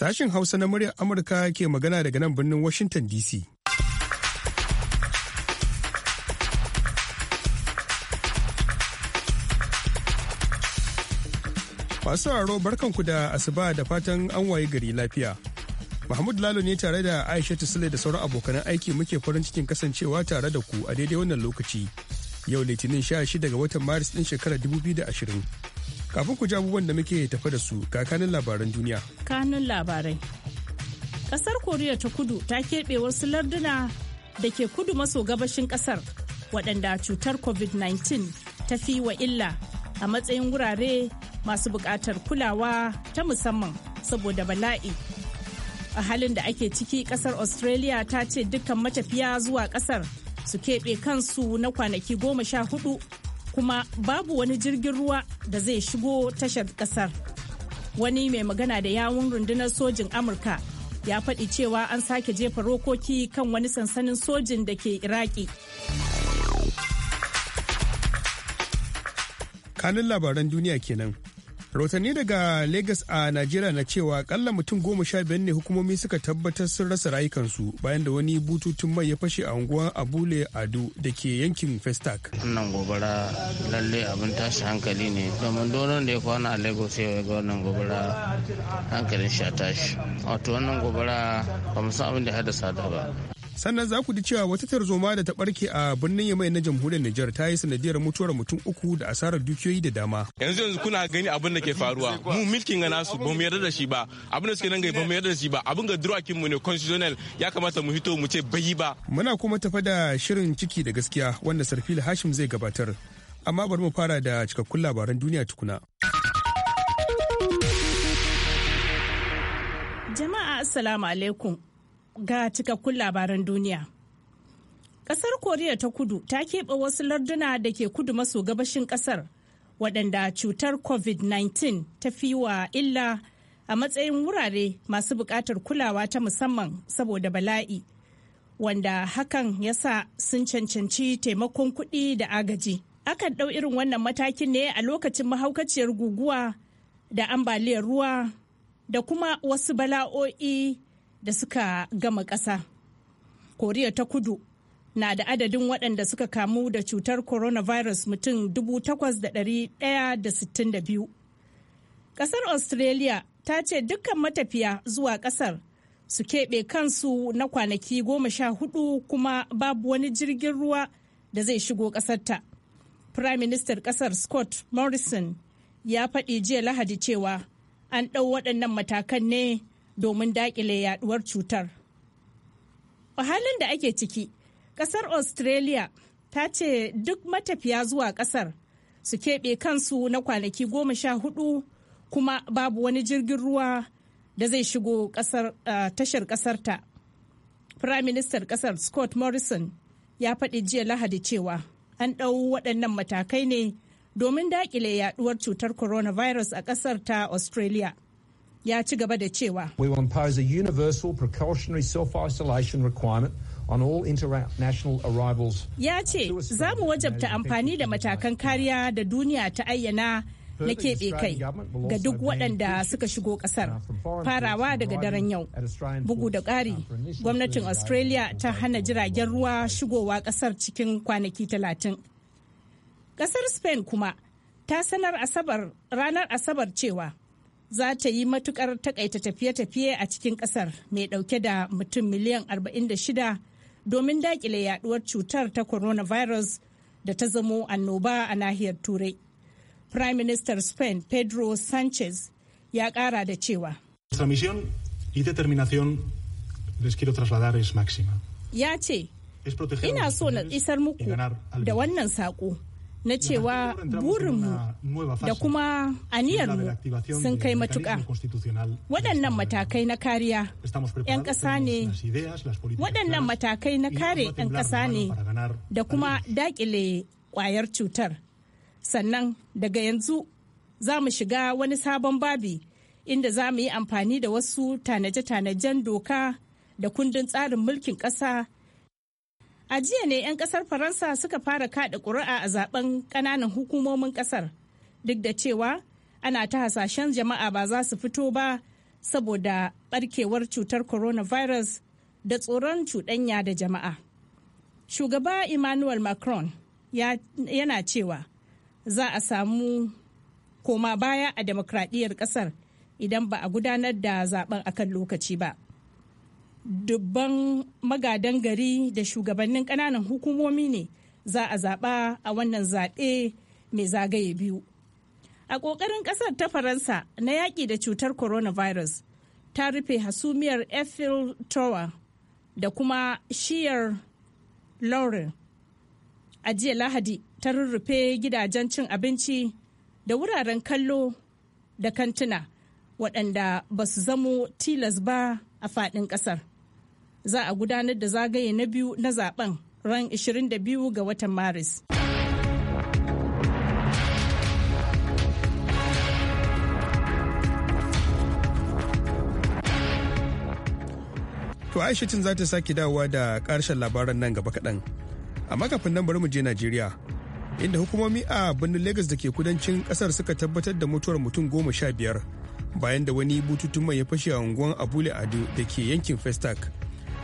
Sashin Hausa na muryar Amurka ke magana daga nan birnin Washington DC. Masu sauraro barkanku da asuba da fatan an waye gari lafiya. Mahmud Lalo ne tare da Aisha Sule da sauran abokanan aiki muke farin cikin kasancewa tare da ku a daidai wannan lokaci. Yau Litinin 16 ga watan Maris ɗin shekarar 2020. Kafin ku ji abubuwan da muke tafi da su kakanin labaran duniya. Kanun labarai. Kasar Koriya ta kudu ta keɓe wasu larduna da ke kudu maso gabashin kasar waɗanda cutar COVID-19 ta fi wa illa a matsayin wurare masu buƙatar kulawa ta musamman saboda bala'i. A halin da ake ciki ƙasar Australia ta ce dukkan matafiya zuwa ƙasar su keɓe kansu na kwanaki goma sha hudu kuma babu wani jirgin ruwa da zai shigo tashar kasar wani mai magana da yawun rundunar sojin amurka ya faɗi cewa an sake jefa rokoki kan wani sansanin sojin da ke iraki kanin labaran duniya kenan rahotanni daga lagos a najeriya na cewa kalla mutum goma sha biyar ne hukumomi suka tabbatar sun rasa rayukansu bayan da wani bututun mai ya fashe a unguwar abule ado da ke yankin festac wannan gobara lalle abin tashi hankali ne domin doron da ya kwana a lagos ya ga wannan gobara hankalin shi a tashi wato wannan gobara ba mu san abin da ya haddasa da ba sannan za ku ji cewa wata tarzoma da ta barke a birnin yamai na jamhuriyar Nijar ta yi sanadiyar mutuwar mutum uku da asarar dukiyoyi da dama. Yanzu yanzu kuna gani abin da ke faruwa mu milkin ga nasu ba mu yarda da shi ba abin da suke nan gai ba mu yarda da shi ba abin ga durakin mu ne constitutional ya kamata mu hito mu ce bayi ba. Muna kuma tafa da shirin ciki da gaskiya wanda Sarfil Hashim zai gabatar amma bari mu fara da cikakkun labaran duniya tukuna. Jama'a Assalamu alaikum. ga cikakkun labaran duniya. Kasar Koriya ta kudu ta keɓe wasu larduna da ke kudu maso gabashin kasar waɗanda cutar COVID-19 ta fi wa illa a matsayin wurare masu buƙatar kulawa ta musamman saboda bala'i, wanda hakan ya sa sun cancanci taimakon kuɗi da agaji. Akan ɗau irin wannan matakin ne a lokacin mahaukaciyar guguwa da ambaliyar ruwa da kuma wasu bala'o'i da suka gama ƙasa koriya ta kudu na da adadin waɗanda suka kamu da cutar coronavirus mutum 8,162 ƙasar australia ta ce dukkan matafiya zuwa ƙasar su keɓe kansu na kwanaki goma sha hudu kuma babu wani jirgin ruwa da zai shigo ƙasarta prime minister ƙasar scott morrison ya faɗi jiya lahadi cewa an ɗau waɗannan matakan ne domin dakile yaduwar cutar. A halin da ake ciki, kasar Australia ta ce duk matafiya zuwa kasar su keɓe kansu na kwanaki goma sha hudu kuma babu wani jirgin ruwa da zai shigo tashar kasarta. Prime Minister kasar Scott Morrison ya faɗi jiya Lahadi cewa an ɗau waɗannan matakai ne domin daƙile yaɗuwar cutar coronavirus a ƙasar ta Australia. ya ci gaba da cewa we will impose a universal precautionary self-isolation requirement on all international arrivals ya ce za mu wajabta amfani da matakan kariya da duniya ta ayyana na keɓe kai ga duk waɗanda suka shigo ƙasar farawa daga daren yau bugu da ƙari gwamnatin australia ta hana jiragen ruwa shigowa ƙasar cikin kwanaki talatin ƙasar spain kuma ta sanar ranar asabar cewa za ta yi matukar takaita tafiye-tafiye a cikin kasar mai dauke da mutum miliyan 46 domin dakile yaduwar cutar ta coronavirus da ta zamo annoba a nahiyar turai prime minister spain pedro sanchez ya kara da cewa ya ce ina so na isar muku da wannan saƙo na cewa burinmu da kuma aniyarmu sun kai matuƙa. Waɗannan matakai na kariya 'yan ƙasa ne, waɗannan matakai na kare 'yan ƙasa ne da kuma daƙile ƙwayar cutar. Sannan daga yanzu za mu shiga wani sabon babi inda za mu yi amfani da wasu tanaje-tanajen doka da kundin tsarin mulkin ƙasa. A jiya ne 'yan kasar Faransa suka fara kaɗa ƙuri'a a zaben ƙananan hukumomin ƙasar. Duk da cewa ana ta hasashen jama'a ba za su fito ba saboda ɓarkewar cutar coronavirus da tsoron cuɗanya da jama'a. Shugaba Emmanuel Macron yana cewa za a samu koma baya a demokradiyyar ƙasar idan ba a gudanar da zaben akan lokaci ba. dubban magadan gari da shugabannin ƙananan hukumomi ne za a zaɓa a wannan zaɓe mai zagaye biyu. A ƙoƙarin ƙasar ta Faransa na yaƙi da cutar coronavirus ta rufe hasumiyar Eiffel Tower da kuma shiyar Lauren. A jiya Lahadi ta rurrufe gidajen cin abinci da wuraren kallo da kantuna waɗanda ba su zamo tilas ba a faɗin ƙasar. za a gudanar da zagaye na biyu na zaben ran 22 ga watan maris To cin za ta sake dawowa da karshen labaran nan gaba kaɗan. a makafin nan bari mu je Najeriya, inda hukumomi a birnin lagos da ke kudancin kasar suka tabbatar da mutuwar mutum goma sha biyar bayan da wani bututun mai ya fashe a unguwan Abule Ado da ke yankin Festac.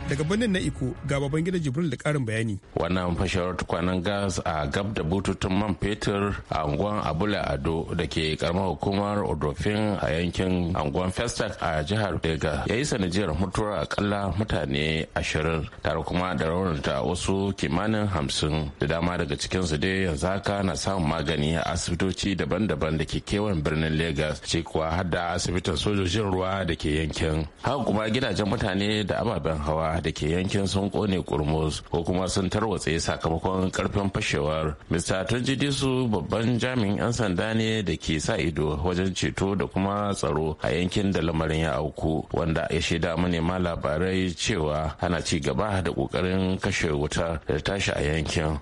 daga birnin na iko ga baban gida jibril da karin bayani wannan fashewar tukwanen gas a gab da bututun man fetur a unguwan abula ado da ke karamar hukumar odofin a yankin unguwar festac a jihar dega ya yi sanadiyar mutuwar akalla mutane ashirin tare kuma da raunata wasu kimanin hamsin da dama daga cikinsu dai yanzu haka na samun magani a asibitoci daban-daban da ke kewan birnin lagos ce kuwa har asibitin sojojin ruwa da ke yankin haka kuma gidajen mutane da ababen hawa jama'a da ke yankin sun kone kurmus ko kuma sun tarwatse sakamakon karfin fashewar mr tunjidisu babban jami'in 'yan sanda ne da ke sa ido wajen ceto da kuma tsaro a yankin da lamarin ya auku wanda ya shaida manema labarai cewa ana ci gaba da kokarin kashe wuta da tashi a yankin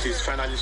is finally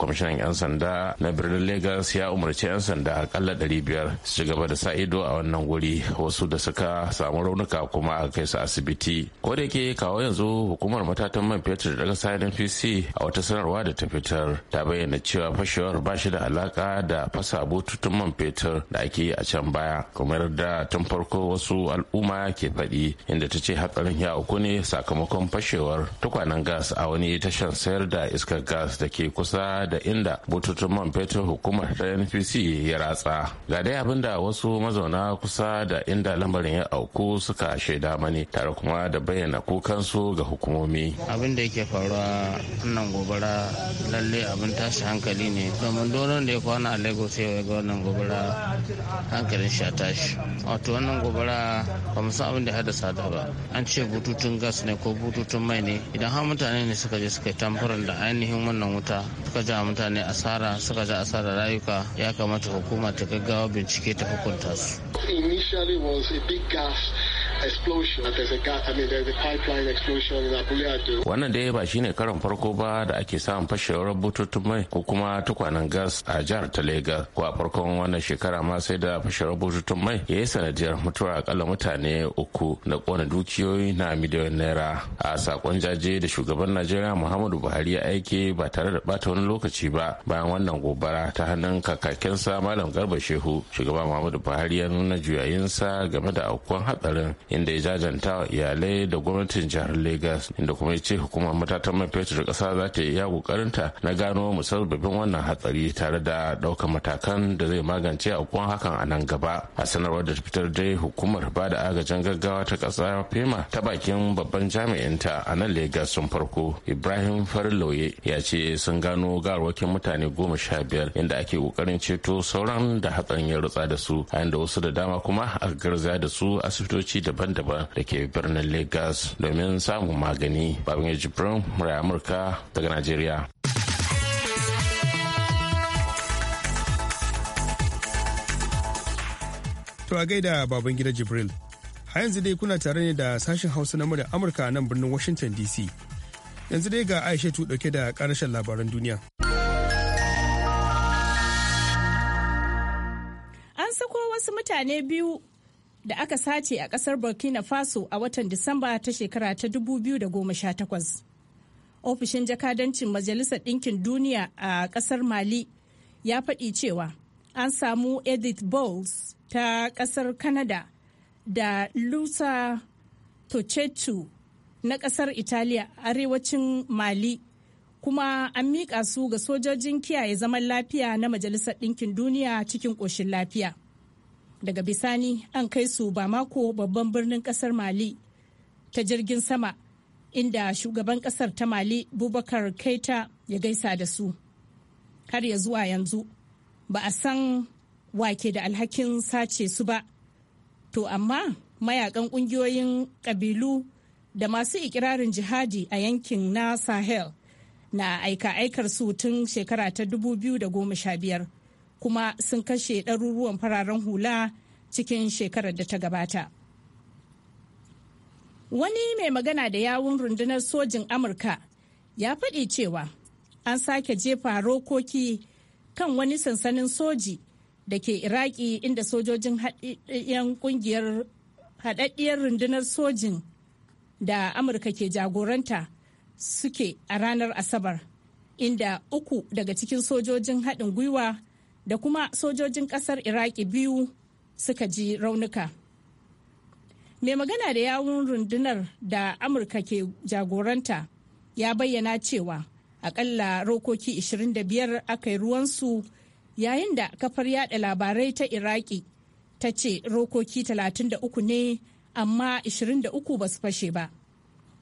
Kwamishinan 'yan sanda na birnin Legas ya umarci 'yan sanda ɗari biyar su ci gaba da sa ido a wannan wuri wasu da suka samu raunuka kuma a kai su asibiti. Ko da yake kawo yanzu hukumar matatan man fetur daga sanin PC a wata sanarwa da ta fitar ta bayyana cewa fashewar ba shi da alaka da fasa bututun man fetur da ake yi a can baya kamar da tun farko wasu al'umma ke faɗi inda ta ce hatsarin ya uku ne sakamakon fashewar tukwanen gas a wani tashar sayar da iskar gas da ke kusa da inda bututun albarkatun man fetur hukumar ta npc ya ratsa ga dai abin da wasu mazauna kusa da inda lamarin ya auku suka shaida mani tare kuma da bayyana kukansu ga hukumomi abin da yake faruwa wannan gobara lalle abin tashi hankali ne domin donon da ya kwana a lagos ya ga wannan gobara hankalin shi tashi wato wannan gobara ba mu san abin da ya haddasa ta ba an ce bututun gas ne ko bututun mai ne idan har mutane ne suka je suka yi tamfaran da ainihin wannan wuta suka ja mutane asara waɗanda suka ji asarar rayuka ya kamata hukuma ta gaggawa bincike ta hukunta su. Initially was a big gas Wannan da ya Wannan dai ba shine karin farko ba da ake samun fashewar bututun mai ko kuma tukwanen gas a jihar ta Legas ko a farkon wannan shekara ma sai da fashewar bututun mai ya yi sanadiyar mutuwa akalla mutane uku da kona dukiyoyi na miliyoyin naira a sakon jaje da shugaban Najeriya Muhammadu Buhari ya aiki ba tare da bata wani lokaci ba bayan wannan gobara ta hannun kakakensa Malam Garba Shehu shugaba Muhammadu Buhari ya nuna juyayinsa game da aukuwan hatsarin inda ya jajanta iyalai da gwamnatin jihar Legas inda kuma ya ce hukumar matatan man fetur kasa za ta iya ta na gano musabbabin wannan hatsari tare da ɗaukar matakan da zai magance aukuwan hakan a nan gaba. A sanarwar da ta fitar da hukumar ba da agajin gaggawa ta ƙasa FEMA ta bakin babban jami'inta a nan Legas sun farko Ibrahim lauye ya ce sun gano garwakin mutane goma sha biyar inda ake kokarin ceto sauran da hatsarin ya rutsa da su a inda wasu da dama kuma aka garzaya da su asibitoci daban daban-daban da ke birnin Legas domin samun magani. Babin Jibrin Murai Amurka daga Najeriya. To a gaida baban gida Jibril. A yanzu dai kuna tare ne da sashen Hausa na murya Amurka nan birnin Washington DC. Yanzu dai ga Aisha tu dauke da karshen labaran duniya. An sako wasu mutane biyu da aka sace a kasar burkina faso a watan disamba ta shekara ta 2018 ofishin jakadancin majalisar ɗinkin duniya a kasar mali ya faɗi cewa an samu edith bowles ta kasar canada da lusa tochetu na kasar italiya arewacin mali kuma an miƙa su ga sojojin kiyaye zaman lafiya na majalisar ɗinkin duniya cikin ƙoshin lafiya daga bisani an kai su bamako babban birnin kasar mali ta jirgin sama inda shugaban kasar ta mali bubakar keita ya gaisa da su har ya zuwa yanzu ba a san wake da alhakin sace su ba to amma mayakan kungiyoyin kabilu da masu ikirarin jihadi a yankin na sahel na aika aikar su tun shekara ta 2015 kuma sun kashe ɗaruruwan fararen hula cikin shekarar da ta gabata. Wani mai magana da yawun rundunar sojin Amurka ya faɗi cewa an sake jefa rokoki kan wani sansanin soji da ke Iraki inda sojojin haɗaɗɗiyar ƙungiyar haɗaɗɗiyar rundunar sojin da Amurka ke jagoranta suke a ranar Asabar, inda uku daga cikin sojojin haɗin gwiwa da kuma sojojin kasar iraki biyu suka ji raunuka mai magana da yawun rundunar da amurka ke jagoranta ya bayyana cewa akalla rokoki 25 aka yi ruwansu yayin da kafar yada labarai ta iraki ta ce rokoki 33 ne amma 23 ba su fashe ba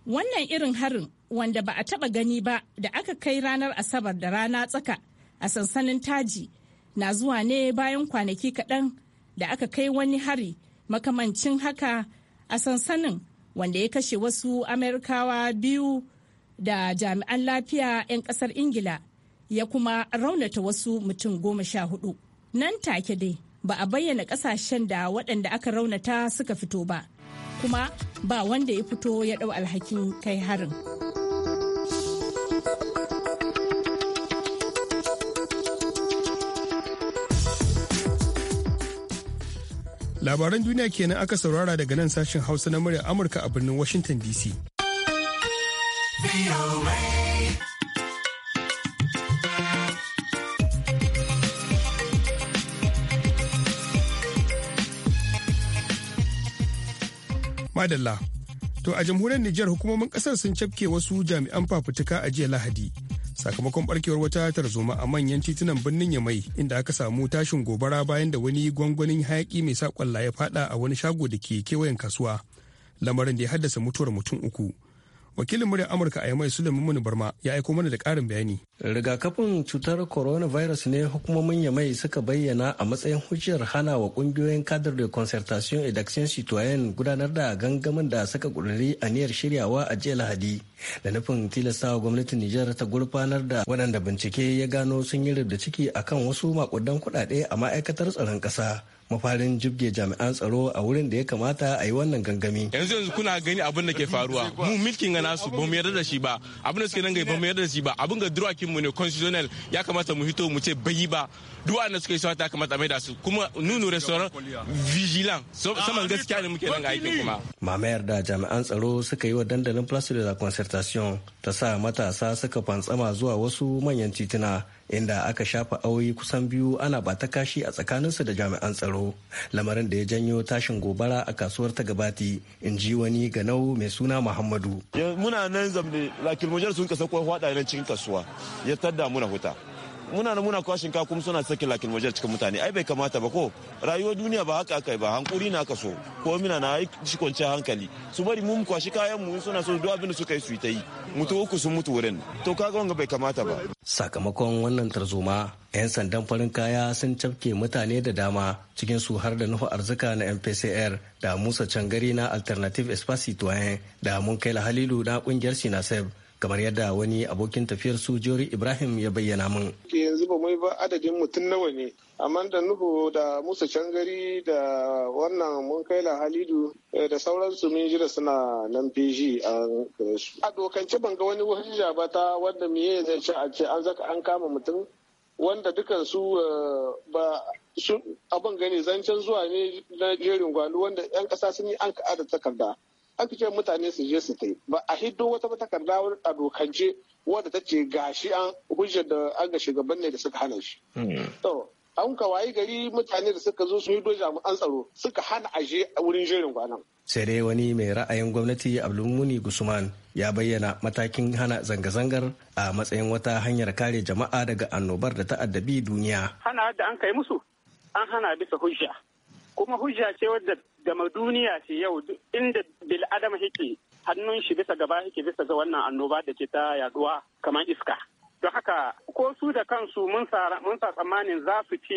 wannan irin harin wanda ba a taba gani ba da aka kai ranar asabar da rana tsaka a sansanin taji na zuwa ne bayan kwanaki kaɗan da aka kai wani hari makamancin haka a sansanin wanda ya kashe wasu amerikawa biyu da jami'an lafiya 'yan ƙasar ingila ya kuma raunata wasu mutum goma sha hudu nan take dai ba a bayyana ƙasashen da waɗanda aka raunata suka fito ba kuma ba wanda ya fito ya ɗau alhakin kai harin. labaran duniya kenan aka saurara daga nan sashen hausa na murya amurka a birnin washington dc madalla to a jamhuriyar nijar hukumomin kasar sun cafke wasu jami'an fafutuka a jiya lahadi sakamakon barkewar wata tarzoma a manyan titunan birnin yamai inda aka samu tashin gobara bayan da wani gwangwanin hayaki mai sakwalla ya fada a wani shago da ke kewayen kasuwa lamarin da ya haddasa mutuwar mutum uku wakilin muryar amurka a yamai suleiman barma ya aiko mana da karin bayani rigakafin cutar coronavirus ne hukumomin yamai suka bayyana a matsayin hujjar hana wa kungiyoyin kadar da concertation et d'action citoyen gudanar da gangamin da suka a aniyar shiryawa a jiya lahadi da nufin tilastawa gwamnatin Nijar ta gurfanar da waɗanda bincike ya gano sun yi rubda ciki akan wasu makudan kuɗaɗe a ma'aikatar tsaron ƙasa mafarin jibge jami'an tsaro a wurin da ya kamata a yi wannan gangami. Yanzu yanzu kuna gani abin da ke faruwa. Mu milkin ga nasu ba mu yarda da shi ba. Abin da suke nan gai ba mu yarda da shi ba. Abin ga durakin mu ne constitutional ya kamata mu hito mu ce bai ba. Duk wanda suka yi ta kamata mai da su. Kuma nunu restaurant vigilant. Saman gaskiya ne muke nan ga aikin kuma. Mamayar da jami'an tsaro suka yi wa dandalin Place de la Concert station ta sa matasa suka fantsama zuwa wasu manyan tituna inda aka shafa auyi kusan biyu ana bata kashi a tsakaninsu da jami'an tsaro lamarin da ya janyo tashin gobara a kasuwar ta gabati in ji wani ganau mai suna muhammadu muna nan zamne mujar sun kasa kwa nan cikin kasuwa ya tadda muna huta muna nan muna kwashin ka kuma suna sake lakin waje cikin mutane ai bai kamata ba ko rayuwar duniya ba haka akai ba hankuri na ka so ko mina na shi kwanciyar hankali su bari mun kwashi kayan mu suna so duk abin da suka yi su ta yi mutu uku sun mutu wurin to kaga wanga bai kamata ba sakamakon wannan tarzoma 'yan sandan farin kaya sun cafke mutane da dama cikin su har da nufa arzika na mpcr da musa cangari na alternative espacito da mun kai halilu na kungiyar sinasef kamar yadda wani abokin tafiyar su ibrahim ya bayyana mun. zuba mai ba adadin mutum nawa ne amma da nuhu da musa cangari da wannan mun kai la halidu eh, da sauransu mun jira suna nan fiji a su a dokance ban ga wani hujja ba ta wanda miye zai ci a ce an zaka an kama mutum wanda dukan eh, su ba abin gani zancen zuwa ne na jerin gwanu wanda yan kasa sun yi an da takarda aka ce mutane su je su tai ba a hiddo wata takarda a dokance wadda ta ce gashi an hujjar da an ga shugaban ne da suka hana shi. Hmm. To an wayi gari mutane da suka zo su yi doja an tsaro suka hana aje a wurin jerin kwanan. Sai dai wani mai ra'ayin gwamnati Abdulmuni Gusman ya bayyana matakin hana zanga-zangar a matsayin wata hanyar kare jama'a daga annobar da ta'addabi duniya. Hana da an kai musu an hana bisa hujja. kuma hujja ce wadda gama duniya ce yau inda bil adam yake hannun shi bisa gaba yake bisa ga wannan annoba da ke ta yaduwa kamar iska Don haka ko su da kansu mun sa tsammanin za su ci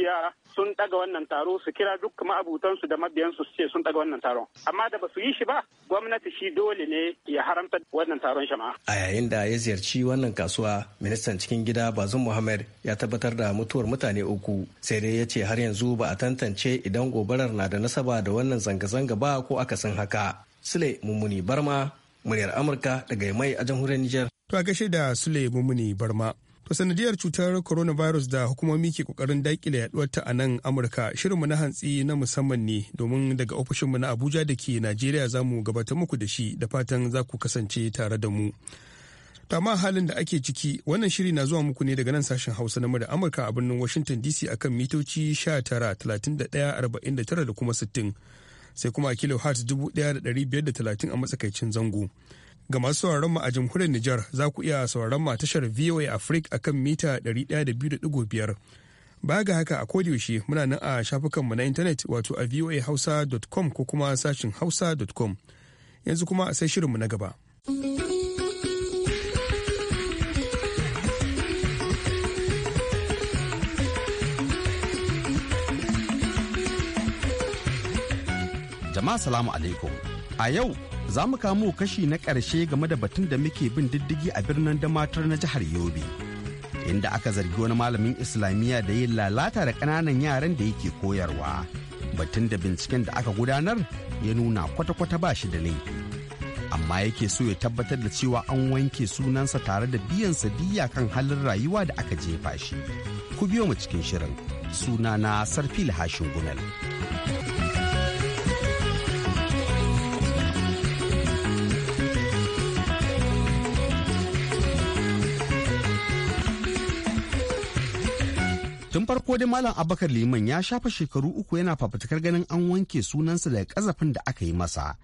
sun daga wannan taro su kira duk ma'abutansu da mabiyansu su ce sun daga wannan taron. Amma da ba su yi shi ba gwamnati shi dole ne ya haramta wannan taron shama'a. A yayin da ya ziyarci wannan kasuwa ministan cikin gida Bazum Muhammad ya tabbatar da mutuwar mutane uku sai dai ya ce har yanzu ba a tantance idan gobarar na da nasaba da wannan zanga-zanga ba ko akasin haka. Sule Mummuni Barma, muryar Amurka daga mai a jamhuriyar Nijar. To a gaishe da Sule Mumuni Barma. To sanadiyar cutar coronavirus da hukumomi ke kokarin dakile yaduwar ta a nan Amurka shirin mu na hantsi na musamman ne domin daga ofishin mu na Abuja da ke Najeriya za mu gabatar muku da shi da fatan za ku kasance tare da mu. Tama halin da ake ciki wannan shiri na zuwa muku ne daga nan sashen Hausa na da Amurka a birnin Washington DC akan mitoci 19, da kuma 60. Sai kuma a kilo hertz 1530 a matsakaicin zango. Ga masu sauraron mu a jamhuriyar Nijar za ku iya sauraron mu a tashar VOA Africa akan mita 102.5. Baya ga haka a yaushe muna nan a shafukanmu na intanet wato a voahausa.com ko kuma sashin hausa.com. Yanzu kuma a sai shirinmu na gaba. Jama'a salamu alaikum. A yau za mu kamo kashi na ƙarshe game da batun da muke bin diddigi a birnin Damatar na jihar Yobe. Inda aka zargi wani malamin Islamiyya da yin lalata da ƙananan yaran da yake koyarwa. Batun da binciken da aka gudanar ya nuna kwata-kwata ba shi da laifi. Amma yake so ya tabbatar da cewa an wanke sunansa tare da biyan diya kan halin rayuwa da aka jefa shi. Ku biyo mu cikin shirin. Sunana Sarfil Hashin Gunal. tun farko dai malam abakar liman ya shafa shekaru uku yana fafutukar ganin an wanke sunansa daga kazafin da aka yi masa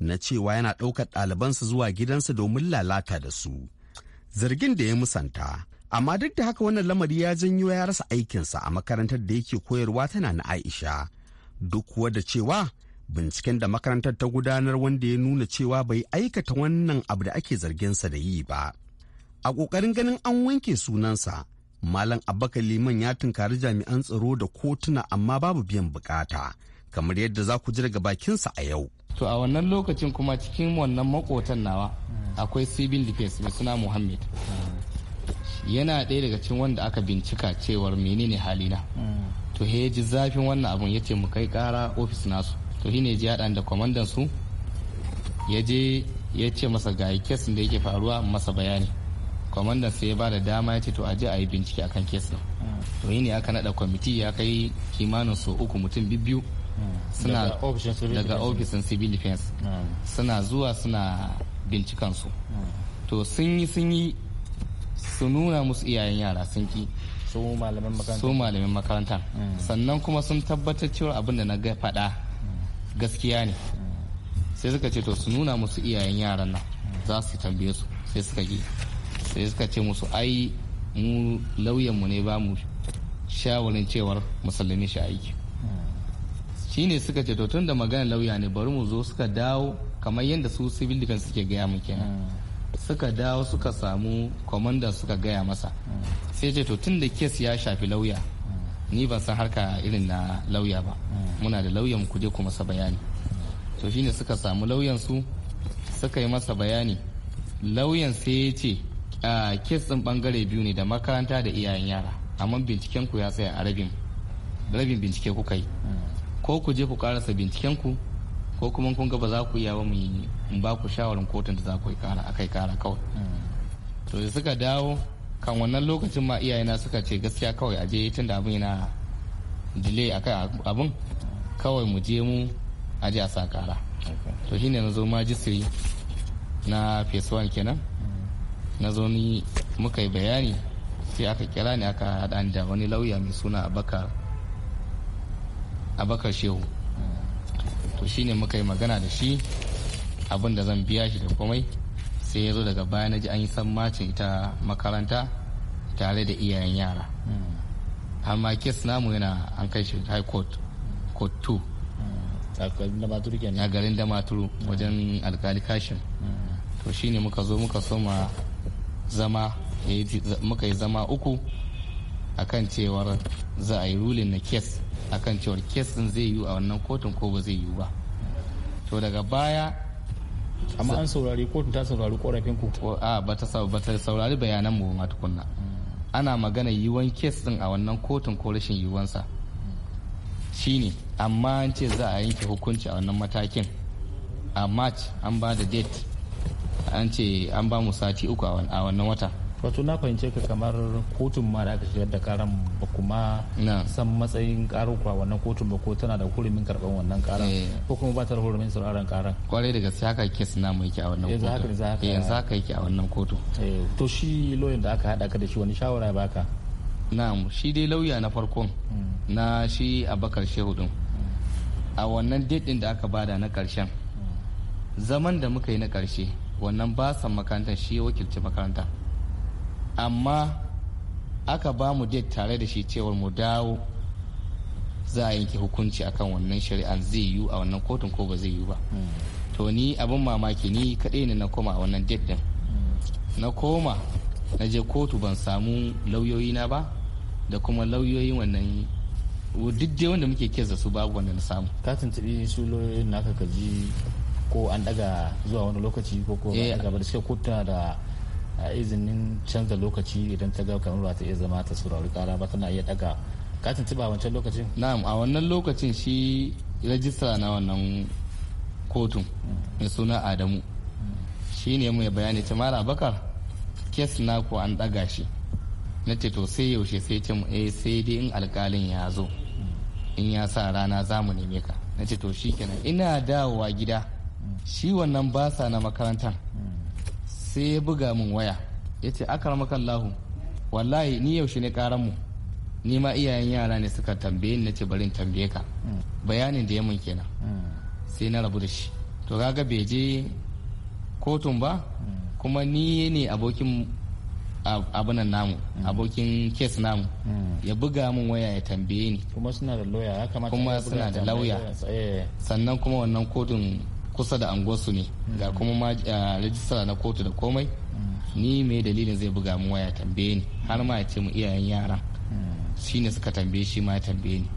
na cewa yana ɗaukar ɗalibansa zuwa gidansa domin lalata da su zargin da ya musanta amma duk da haka wannan lamari ya janyo ya rasa aikinsa a makarantar da yake koyarwa tana na aisha duk kuwa da cewa binciken da makarantar ta gudanar wanda ya nuna cewa bai aikata wannan abu da ake zarginsa da yi ba a ƙoƙarin ganin an wanke sunansa Malam Abaka Liman ya tunkari jami'an tsaro da kotuna amma babu biyan bukata, kamar yadda za ku ji daga bakinsa a yau. To a wannan lokacin kuma cikin wannan makotan nawa akwai civil defense mai suna muhammed Yana ɗaya daga cikin wanda aka bincika cewar menene halina. To he ji zafin wannan abun ya ce mu kai kara ofis nasu. To shine ji haɗa da kwamandan su ya je ya ce masa ga kesin da yake faruwa masa bayani. kwamandan sai ya ba da dama ya ce to aje a yi bincike akan kesin to yi ne aka nada kwamiti ya kai kimanin so uku mutum biyu suna daga ofishin civil defense hmm. suna zuwa suna bincikan su to sun yi sun yi su nuna musu iyayen yara sun ki su malamin makaranta hmm. sannan kuma sun tabbatar cewa abin da na ga faɗa hmm. gaskiya ne sai suka ce to su nuna musu iyayen yaran nan za su tambaye su sai suka yi sai suka ce musu ai mu lauyanmu ne ba mu shawarin cewar musulmi shi aiki shi ne suka ce tun da magana lauya ne bari mu zo suka dawo kamar yadda su civil defense suke gaya mu kenan suka dawo suka samu commander suka gaya masa sai ce tun da kes ya shafi lauya ni ba san harka irin na lauya ba muna da lauyan ku je ku masa bayani to shine suka samu lauyan su suka yi masa bayani lauyan sai ya ce Ah, kes ɗin bangare biyu ne da makaranta da iyayen yara amma binciken ku ya tsaya a rabin rabin bincike kuka yi ko ku je ku karasa binciken ku ko kuma kun ga ba za ku iya ba mu yi ba ku shawarin kotun da za ku yi kara akai kara kawai to da suka dawo kan wannan lokacin ma iyayena suka ce gaskiya kawai a je tun da abin yana delay akai abin kawai mu je mu a je a sa kara to shine na zo majistri na phase 1 kenan na zo ni muka yi bayani sai aka kira ni aka haɗa da wani lauya mai suna abakar abakar shehu to shine muka yi magana da shi abin da zan biya shi da komai sai ya zo daga baya na ji an yi sammacin ita makaranta tare da iyayen yara amma kes namu yana an kai shi high court court 2 a garin damaturu wajen alkali kashin hmm. to shine muka zo muka soma zama eh, muka yi zama uku a kan cewar za a yi rulin na kes a kan cewar kes din zai yi a wannan kotun ko ba zai yi ba to daga baya amma an saurari kotun ta saurari korafin ku a ba ta saurari bayanan mu ma tukunna ana magana yiwuwan kes din a wannan kotun ko rashin yiwuwansa shine amma an ce za a yanke hukunci a wannan matakin a march an ba da date an ce an ba mu sati uku a wannan wata wato na fahimce ka kamar kotun ma da aka shigar da karan ba kuma san matsayin karar kwa wannan kotun ba ko tana da hurumin karban wannan karan eh. ko kuma ba ta da hurumin sauraron karan kwarai daga sai haka kes na mu eh, eh, yake a wannan kotun. yanzu haka yake a wannan kotu to shi loyin da aka hada ka da shi wani shawara ba ka na'am shi dai lauya na farkon hmm. na shi abakar shehu din a wannan date din da aka bada na karshen hmm. zaman da muka yi na karshe wannan basan makarantar shi ya wakilci makaranta amma aka ba mu date tare da shi cewar mu dawo za a yanke hukunci akan wannan shari'an zai yiwu a wannan kotun ko ba zai yiwu ba hmm. to ni abin mamaki ni kaɗai ne na koma a wannan date din hmm. na koma na je kotu ban samu lauyoyi na ba da kuma lauyoyin wannan duk dai wanda muke kesa su babu wanda na samu ka tuntubi su lauyoyin naka ka ji ko an daga zuwa wani lokaci ko ko eh. an daga ba da suke kuta da izinin canza lokaci idan ta ga kamar ba ta iya zama ta saurari kara ba tana iya daga ka a wancan lokacin na'am a wannan lokacin shi rajista na wannan kotun hmm. mai suna adamu hmm. shi ne mai bayani ta mara bakar kes na ko an daga shi na ce to sai yaushe sai ce eh sai dai in alkalin ya zo hmm. in ya sa rana za mu neme ka na ce to shi kenan ina dawowa gida shi wannan basa na makarantar sai ya buga min waya ya ce kan lahu wallahi ni yaushe ne karanmu ni ma iyayen yara ne suka tambaye ni nace bari tambaye ka bayanin da ya mun kenan sai na rabu da shi to kaga bai je kotun ba kuma ni ne abokin abunan namu abokin kes namu ya buga min waya ya tambaye ni kuma suna da lauya ya kamata kuma suna da lauya eh. sannan kuma wannan kotun kusa da anguwarsu ne ga kuma ma eh, na kotu da komai ni mai dalilin zai buga mu waya tambaye ni har ma ya ce mu iyayen yaran shine suka tambaye shi ma ya tambaye ni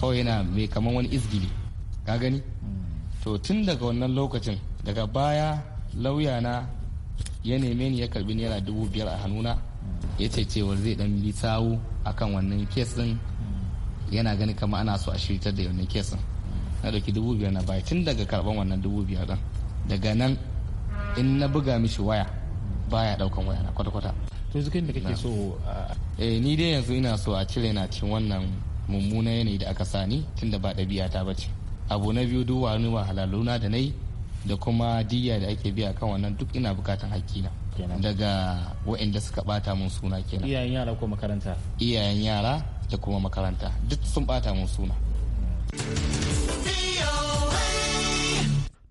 kawai yana mai kaman wani izgili ka gani to tun daga wannan lokacin daga baya lauya na ya neme ni ya karbi naira dubu biyar a hannuna ya ce cewar zai dan bi sawu akan wannan kes din yana gani kama ana so a shirya da wannan kes din na dauki dubu biyar na baya tun daga karban wannan dubu biyar din daga nan in na buga mishi waya baya ɗaukan waya na kwata-kwata to yanzu kai da kake so eh ni dai yanzu ina so a cire na cin wannan mummuna yanayi da aka sani tun da ba ɗabi'a ta bace abu na biyu duk wani wahalaluna da na yi da kuma diya da ake biya kan wannan duk ina bukatan hakkina daga waɗanda suka bata mun suna kenan iyayen yara ko makaranta iyayen yara da kuma makaranta duk sun bata mun suna hmm.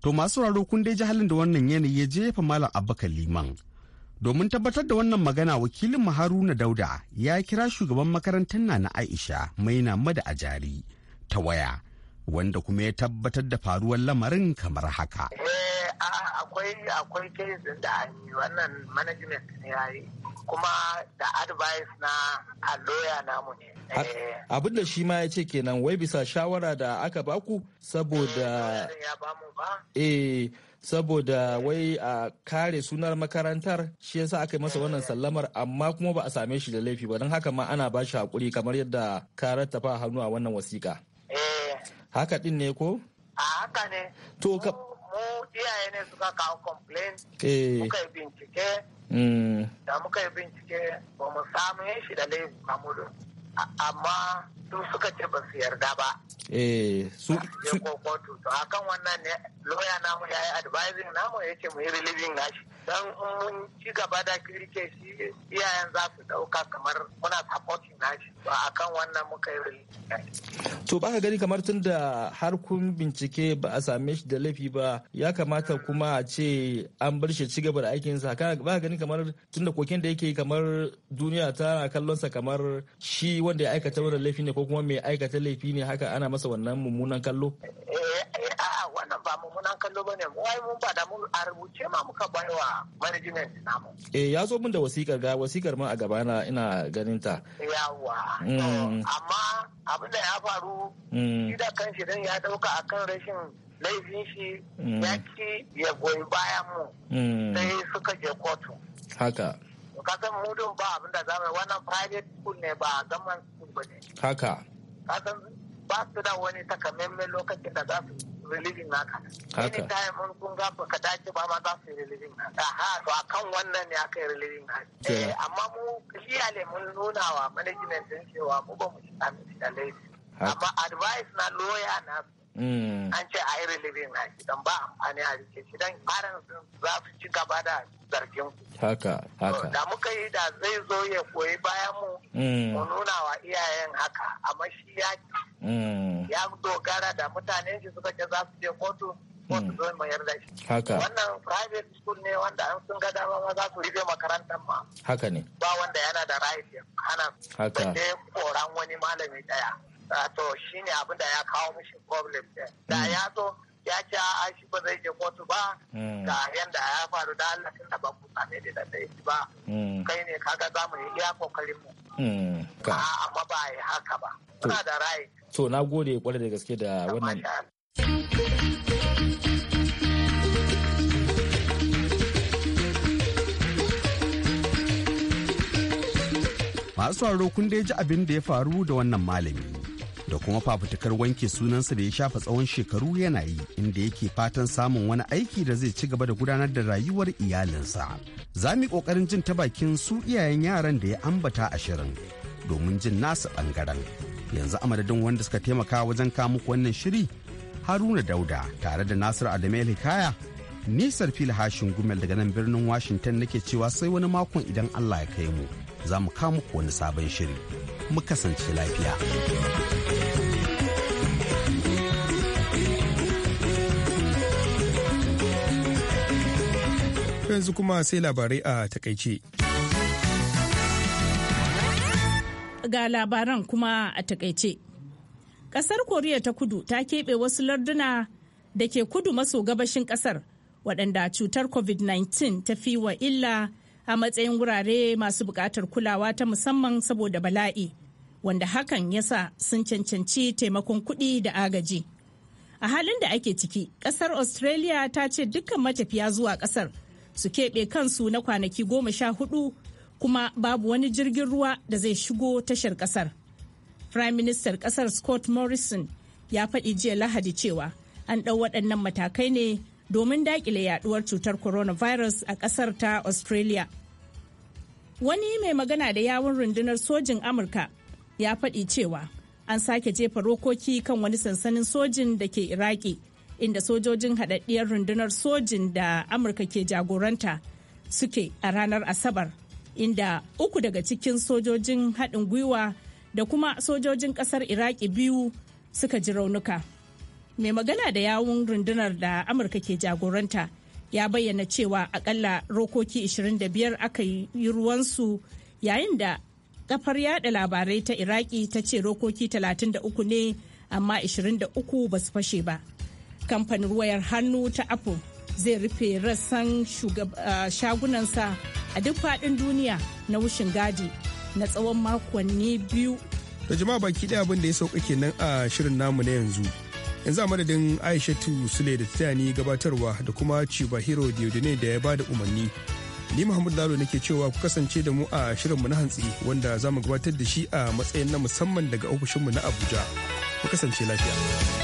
To masu sauraro kun dai ji halin da wannan yanayi ya jefa Malam Abubakar Liman. Domin tabbatar da wannan magana wakilin Haruna Dauda ya kira shugaban makarantar na na Aisha Maina Mada Ajari ta waya wanda kuma ya tabbatar da faruwar lamarin kamar haka. Eh, akwai akwai cases da an yi wannan management ne ya yi kuma da advice na a lawyer namu ne. Eh. Abin da shi ma ya ce kenan wai bisa shawara da aka baku saboda eh, eh saboda wai a kare sunar makarantar shi yasa aka yi masa wannan sallamar amma kuma ba a same shi da laifi ba don haka ma ana ba shi hakuri kamar yadda ka rattafa hannu a wannan wasiƙa. haka din ne ko a haka ne to ka mu iyaye ne suka kawo complain eh. muka yi bincike mm. da muka yi bincike ba mu samu yin shi da laifin amma su suka ce ba su yarda ba. Eh su su kokotu to akan wannan ne lawyer namu yayi advising namu yace mu yi relieving nashi dan mun ci gaba da kirke shi iyayen za su dauka kamar muna supporting nashi to akan wannan muka yi relieving to baka gani kamar tun da har kun bincike ba a same shi da laifi ba ya kamata kuma a ce an bar shi ci gaba da aikin sa ka ba gani kamar tun da koken da yake kamar duniya tana kallon sa kamar shi wanda ya aikata wannan laifi ne ko kuma mai aikata laifi ne haka ana masa wannan mummunan kallo? Eh, eh, a'a wannan ba mummunan kallo ba ne wai mun ba da mun a rubuce ma muka baiwa management namu. Eh ya zo min da wasikar ga wasikar ma a gaba na ina ganin ta. Yawa. Mm. Amma abin da ya faru mm. shi da kan shi dan ya dauka akan rashin laifin shi mm. ya ci ya goyi bayan mu sai suka je kotu. Haka. kasan mudun ba abin da zama wannan private school ne ba gaman school ba ne haka kasan ba su da wani takamaiman lokacin da za su relieving naka haka Ini ta mun kun ga ka dace ba ma za su yi relieving naka ha to kan wannan ne aka yi relieving naka eh amma mu clearly mun nuna wa management din cewa mu ba mu shi amince da laifi amma advice na lawyer na Mm. an ce a yi relevin a gidan ba amfani a rike shi dan faran za su ci gaba da zargin haka haka da muka yi da zai zo ya koyi bayan mu mm. mu nuna wa iyayen haka amma shi ya mm. ya dogara da mutanen shi suka ce za su je kotu kotu da shi haka wannan private school ne wanda an sun ga dama ma za su rufe makarantar ma haka ne ba wanda yana da right hana haka sai koran wani malami daya Ah, to shi ne abin da ya kawo mishi problem ɗin da hmm. ya zo ya ce a shi ba zai je kotu ba hmm. ga yanda ya faru da Allah tun da ba ku same da da shi ba hmm. kai ne kaga za mu yi iya kokarin mu amma ba yi haka ba kuna da rai to na gode kwarai da gaske da wannan masu sauraro kun dai ji abin da ya faru da wannan malami da kuma fafutukar wanke sunansa da ya shafa tsawon shekaru yana yi inda yake fatan samun wani aiki da zai ci gaba da gudanar da rayuwar iyalinsa za mu yi jin ta bakin su iyayen yaran da ya ambata ashirin domin jin nasu ɓangaren yanzu a madadin wanda suka taimaka wajen muku wannan shiri haruna dauda tare da nasiru adamu hikaya nisar sarfil hashin gumel daga nan birnin washington nake cewa sai wani makon idan allah ya kai mu za mu muku wani sabon shiri mu kasance lafiya. yanzu kuma sai labarai a takaice. Ga labaran kuma a takaice. Kasar Koriya ta kudu ta keɓe wasu larduna da ke kudu maso gabashin kasar waɗanda cutar COVID-19 ta fi wa illa a matsayin wurare masu buƙatar kulawa ta musamman saboda bala'i wanda hakan ya sa sun cancanci taimakon kuɗi da agaji. A halin da ake ciki, ƙasar Australia ta ce dukkan matafiya zuwa ƙasar su keɓe kansu na kwanaki goma sha hudu kuma babu wani jirgin ruwa da zai shigo tashar ƙasar. Prime Minister kasar Scott Morrison ya faɗi jiya Lahadi cewa an ɗau waɗannan matakai ne domin daƙile yaɗuwar cutar coronavirus a ƙasar ta Australia. Wani mai magana da yawun rundunar sojin Amurka ya faɗi cewa an sake jefa rokoki kan wani sansanin sojin da ke Iraki. inda sojojin haɗaɗɗiyar rundunar sojin da amurka ke jagoranta suke a ranar asabar inda uku daga cikin sojojin haɗin gwiwa da kuma sojojin ƙasar iraki biyu suka ji raunuka mai magana da yawun rundunar da amurka ke jagoranta ya bayyana cewa akalla rokoki 25 aka yi ruwansu yayin da kafar yada labarai ta iraki ta ce rokoki 33 ne amma 23 ba su fashe ba kamfanin wayar hannu ta apple zai rufe rassan uh, shagunansa a duk faɗin duniya na wushin gadi na tsawon makonni biyu da jama'a baki ɗaya abin da ya sauka kenan a shirin namu na yanzu yanzu a madadin aishatu sule da ni gabatarwa da kuma cibahiro ne da ya bada umarni ni muhammadu lalo nake cewa ku kasance da mu a mu na hantsi wanda za mu gabatar da shi a matsayin na musamman daga ofishinmu na abuja ku kasance lafiya